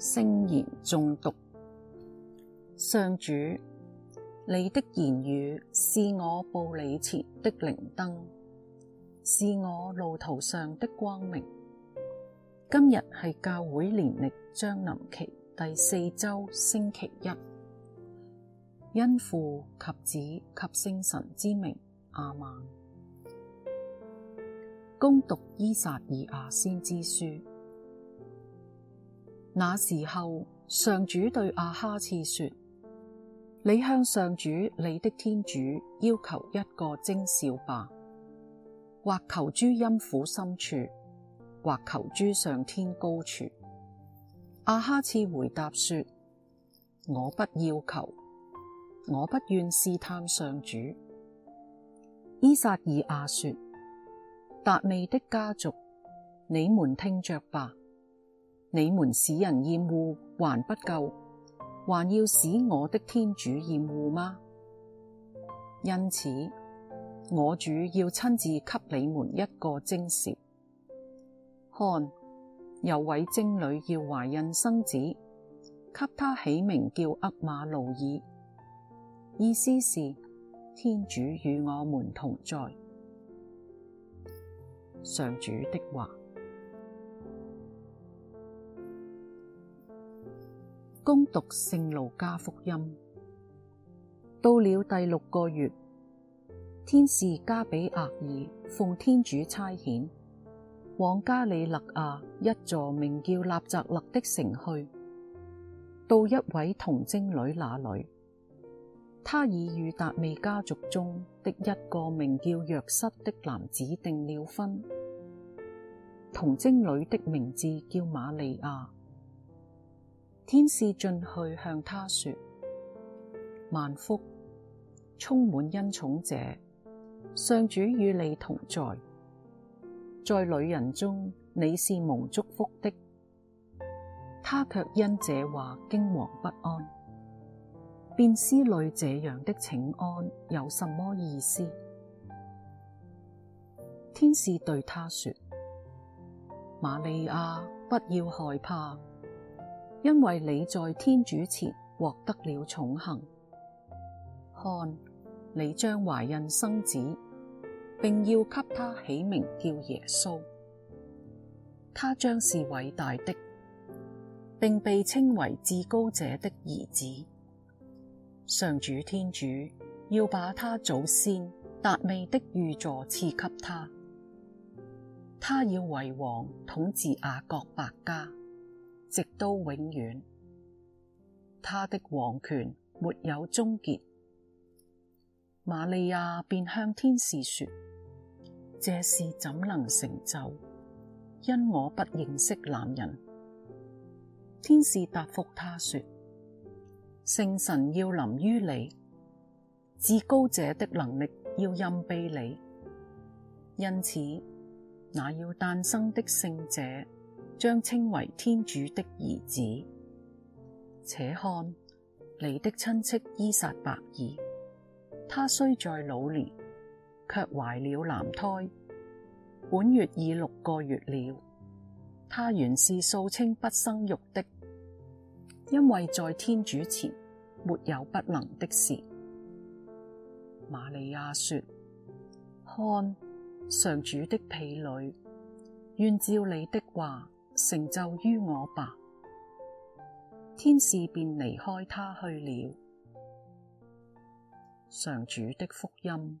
聖言誦讀，上主，你的言語是我步履前的靈燈，是我路途上的光明。今日係教會年曆將臨期第四周星期一，因父及子及聖神之名亞孟，恭讀依撒意亞先知書。那時候，上主對阿哈次說：你向上主，你的天主要求一個徵兆吧！或求諸陰府深處，或求諸上天高處。阿哈次回答說：我不要求，我不願試探上主。依撒意亞說：達味的家族，你們聽着吧！你們使人厭惡還不夠，還要使我的天主厭惡嗎？因此，我主要親自給你們一個徵兆：看，有位貞女要懷孕生子，給他起名叫厄馬奴耳，意思是天主與我們同在。上主的話。恭讀聖路加福音，到了第六個月，天使加俾額爾奉天主差遣，往加里肋亞、啊、一座名叫納匝肋的城去，到一位童貞女那裡，她已與達味家族中的一個名叫若瑟的男子訂了婚。童貞女的名字叫瑪利亞。天使進去向他說：萬福，充滿恩寵者，上主與你同在。在女人中你是蒙祝福的。他卻因這話驚惶不安，便思慮這樣的請安有什麼意思？天使對他說：瑪利亞，不要害怕。因為你在天主前獲得了寵幸，看，你將懷孕生子，並要給他起名叫耶穌，他將是偉大的，並被稱為至高者的兒子。上主天主要把他祖先達味的御座賜給他，他要為王統治雅各伯家。直到永遠，他的王權沒有終結。瑪利亞便向天使說：這事怎能成就？因我不認識男人。天使答覆他說：聖神要臨於你，至高者的能力要蔭庇你，因此那要誕生的聖者。將稱為天主的兒子。且看，你的親戚依撒伯爾，她雖在老年，却懷了男胎，本月已六個月了。她原是素稱不生育的，因為在天主前沒有不能的事。瑪利亞說：看，上主的婢女，願照你的話。成就於我吧！天使便離開他去了。上主的福音。